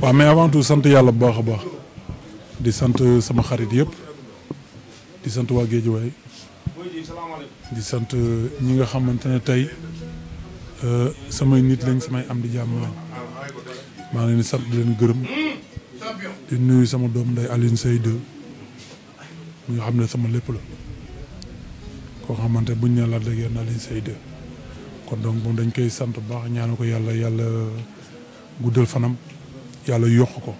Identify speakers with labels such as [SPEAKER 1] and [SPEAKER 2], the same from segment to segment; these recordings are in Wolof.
[SPEAKER 1] waaw mais avant tout sant yàlla bu baax a baax di sant sama xarit yëpp di sant waa Géejawaay di sant euh, ñi nga xamante ne tey euh, samay nit lañ samay am di jàmm lañ maa ngi leen di sant di leen gërëm di nuyu sama doom nday Alioune Seye 2 mi nga xam ne sama lépp la koo xamante buñ ne la dëgg yàlla Alioune Seye 2 kon donc moom dañ koy sant baax ñaanu ko yàlla yàlla guddal fanam. yàlla yokk ko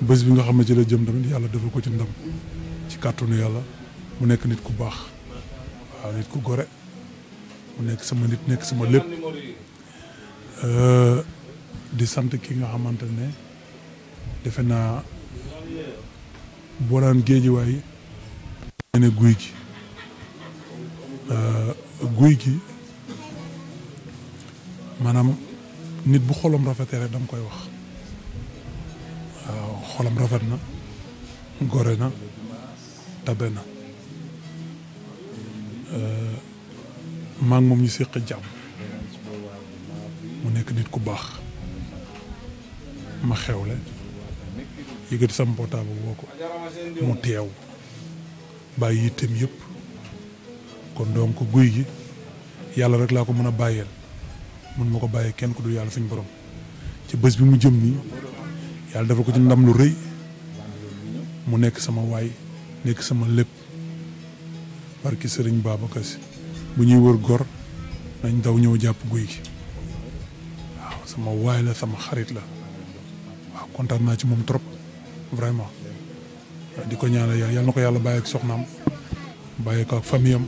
[SPEAKER 1] bés bi nga xam ne ci jëm tamit yàlla defal ko ci ndam ci kàttanu yàlla mu nekk nit ku baax waaw nit ku gore mu nekk sama nit nekk sama lépp euh, di sant ki nga xamante ne defe naa boo daan géejiwaay ne guy gi euh, guy gi maanaam nit bu xolam rafetee rek dama koy wax xolam rafet na gore na tabe na euh, maa ngi moom ñu séq jàmm mu nekk nit ku baax ma xewle yëgati sama portable woo ko mu teew bàyyi yitteem yëpp kon donc guy gi yàlla rek laa ko mën a bàyyeel mun ma ko bàyyee kenn ku dul yàlla suñ boroom ci bës bi mu jëm nii yàlla dafa ko ci ndam lu rëy mu nekk sama waay nekk sama lépp barki sëriñ Babacar Si bu ñuy wër gor nañ daw ñëw jàpp guy gi waaw sama waay la sama xarit la waaw kontaan naa ci moom trop vraiment di ko ñaanal yàlla yàlla na ko yàlla bàyyi ak soxnaam bàyyi ko ak famille am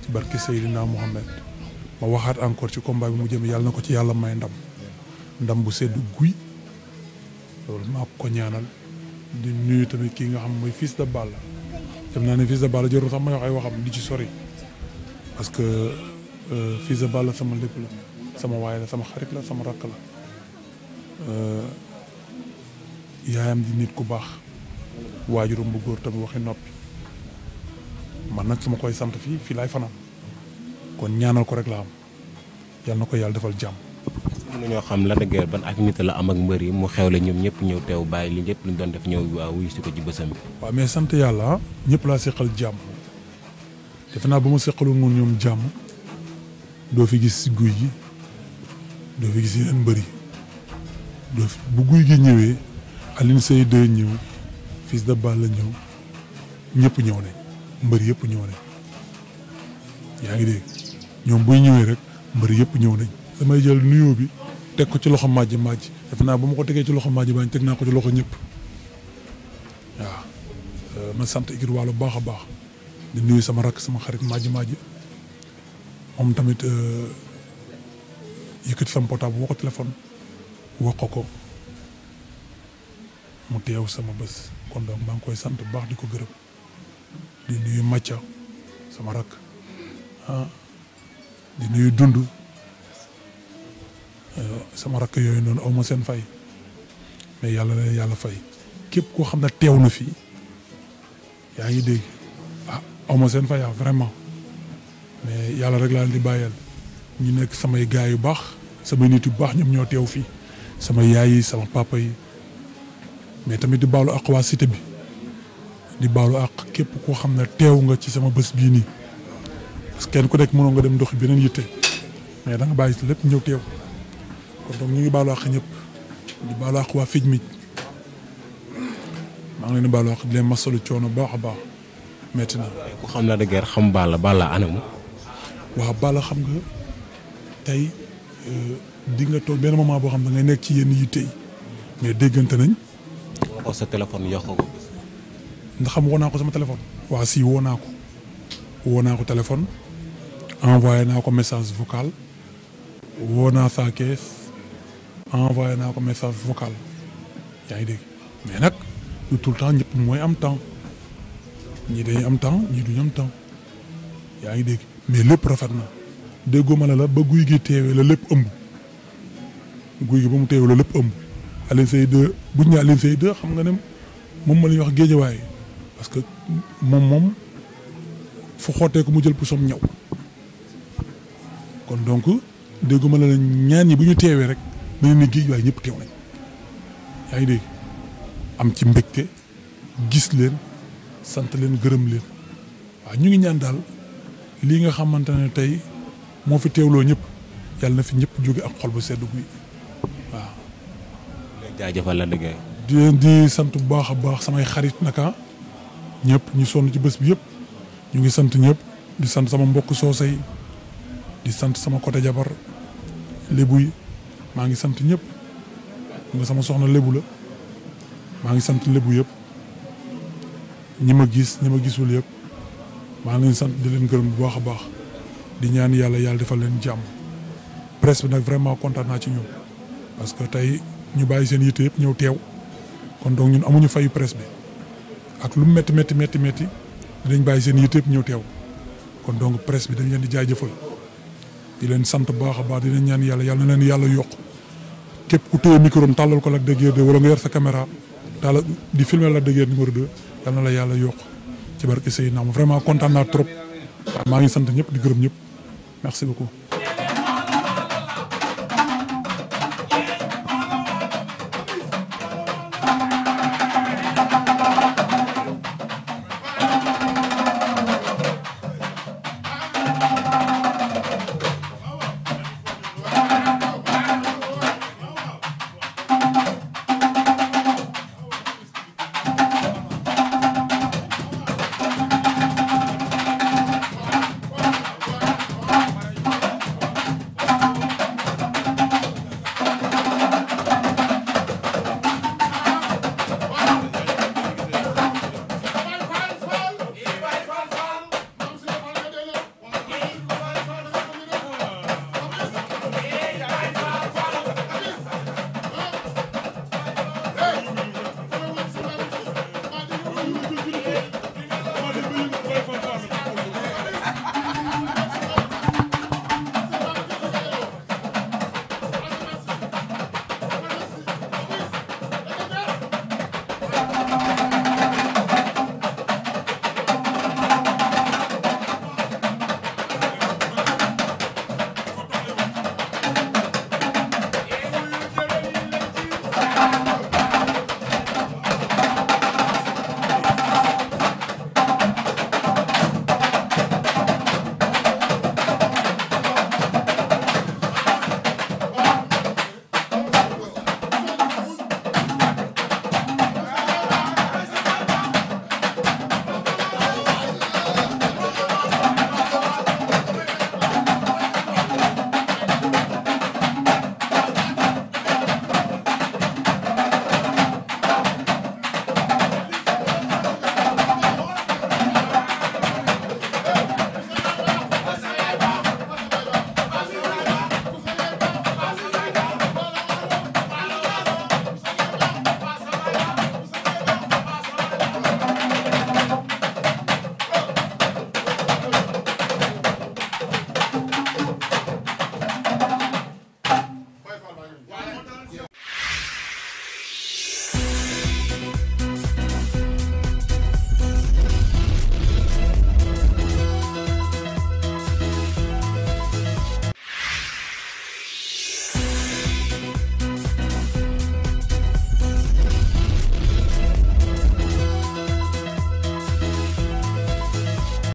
[SPEAKER 1] ci barki Seydina Mohamed ma waxaat encore ci combat bi mu jëm yàlla na ko ci yàlla may ndam ndam bu sedd guy loolu maa ko ñaanal di nuyu tamit kii nga xam mooy fiis Fils de la dem naa ne Fils de Balla jarul sax may wax ay waxam di ci sori parce que euh, Fils de Balla sama lépp la sama waay la sama xarit la sama rakk la euh, yaayam di nit ku baax waajuram bu góor tamit waxi noppi man nag suma koy sant fii fii laay fanaan kon ñaanal ko rek la am yal na ko yàlla defal jàmm. mënuñoo xam Lac de Guiers ban affinité la am ak mbër mu xewle ñoom ñëpp ñëw teew bàyyi li ñëpp luñ doon def ñëw waaw wuyu ko ci bësam bi. waaw mais sant yàlla ñëpp laa seqal jàmm defe naa ba ma seqaloon moom ñoom jàmm doo fi gis guy gi doo fi gis mbër yi doo fi bu guy gi ñëwee Alioune Seye 2 ñëw Fils ñëw ñëpp ñëw nañ mbër yëpp ñëw nañ yaa ngi dégg ñoom buy ñëwee rek mbër yëpp ñëw nañ. damay jël nuyoo bi teg ko ci loxo Madji Madji defe naa bu ma ko tegee ci loxo Madji Madji teg naa ko ci loxo ñëpp euh, ma sant Igir Waalo bu baax a baax di nuyu sama rakk sama xarit Madji Madji moom tamit euh, yëkkati sama portable woo ko téléphone wax ko ko mu teew sama bés kon donc maa ngi koy sant bu baax di ko gërëm di nuyu Mathia sama rakk ah di nuyu Dund. sama rakk yooyu noonu awma ma seen fay mais yàlla na yàlla fay képp koo xam ne teew na fii yaa ngi dégg ah aw seen fay ah vraiment mais yàlla rek laa leen di bàyyal ñu nekk samay gaay yu baax samay nit yu baax ñoom ñoo teew fii sama yaay yi sama papa yi mais tamit di baalu àq waa cité bi di baalu àq képp koo xam ne teew nga ci sama bés bii nii parce que kenn ku nekk mënoo nga dem doxi beneen yitte mais da bàyyi si lépp ñëw teew. kon donc ñu ngi baalu àq ñëpp di baalu àq leen di baalu àq di leen coono baax a baax metti na. ku xam la de guerre xam Balla xam nga tey euh, di nga toog benn moment boo xam ne ngay nekk ci yenn yitte yi mais déggante nañ. woo sa ko. xam woo naa ko sama téléphone. waa si woo naa ko. woo naa ko téléphone. envoyé naa ko message vocal. woo naa envoyé naa ko message vocal yaa ngi dégg mais nag du tout le temps ñëpp mooy am temps ñii dañuy am temps ñii duñu am temps yaa ngi dégg mais lépp rafet na déggoo ma la ba guy gi teewee la lépp ëmb guy gi ba mu teewee la lépp ëmb Alioune Seye 2 bu ñu nee Alioune Seye 2 xam nga ne moom ma la wax géejawaay parce que moom moom fu xootee ko mu jël pusoom ñaw kon donc dégguma la ñaan yi bu ñu teewee rek mel ni géej waaye ñëpp teew nañ yaa ngi am ci mbégte gis leen sant leen gërëm leen waa ñu ngi ñaan daal lii nga xamante ne tey moo fi teewloo ñëpp yàlla na fi ñëpp jóge ak xol bu sedd guy waaw. jaajëfal la dëgg di sant bu baax a baax samay xarit naka ñëpp ñu sonn ci bés bi yépp ñu ngi sant ñëpp di sant sama mbokk soosey di sant sama côté jabar lébuy maa ngi sant ñëpp nga sama soxna lébu la maa ngi sant lébu yëpp ñi ma gis ñi ma gisul yëpp maa ngi leen sant di leen gërëm bu baax a baax di ñaan yàlla yàlla defal leen jàmm presse bi nag vraiment kontaan naa ci ñoom parce que tey ñu bàyyi seen yitte yëpp ñëw teew kon donc ñun amuñu fayu presse bi ak lu métti métti métti métti dinañ bàyyi seen yitte ñëw teew kon donc presse bi dañ leen di jaajëfal di leen sant bu baax a baax di leen ñaan yàlla yàlla na leen yàlla yokk képp ku téye micron tàllal ko Lac de Guiers 2 nga yor sa caméra daal di filmer Lac de Guiers numéro 2 yal na la yàlla yokk ci barke Seydina vraiment kontaan naa trop maa ngi sant ñëpp di gërëm ñëpp merci beaucoup.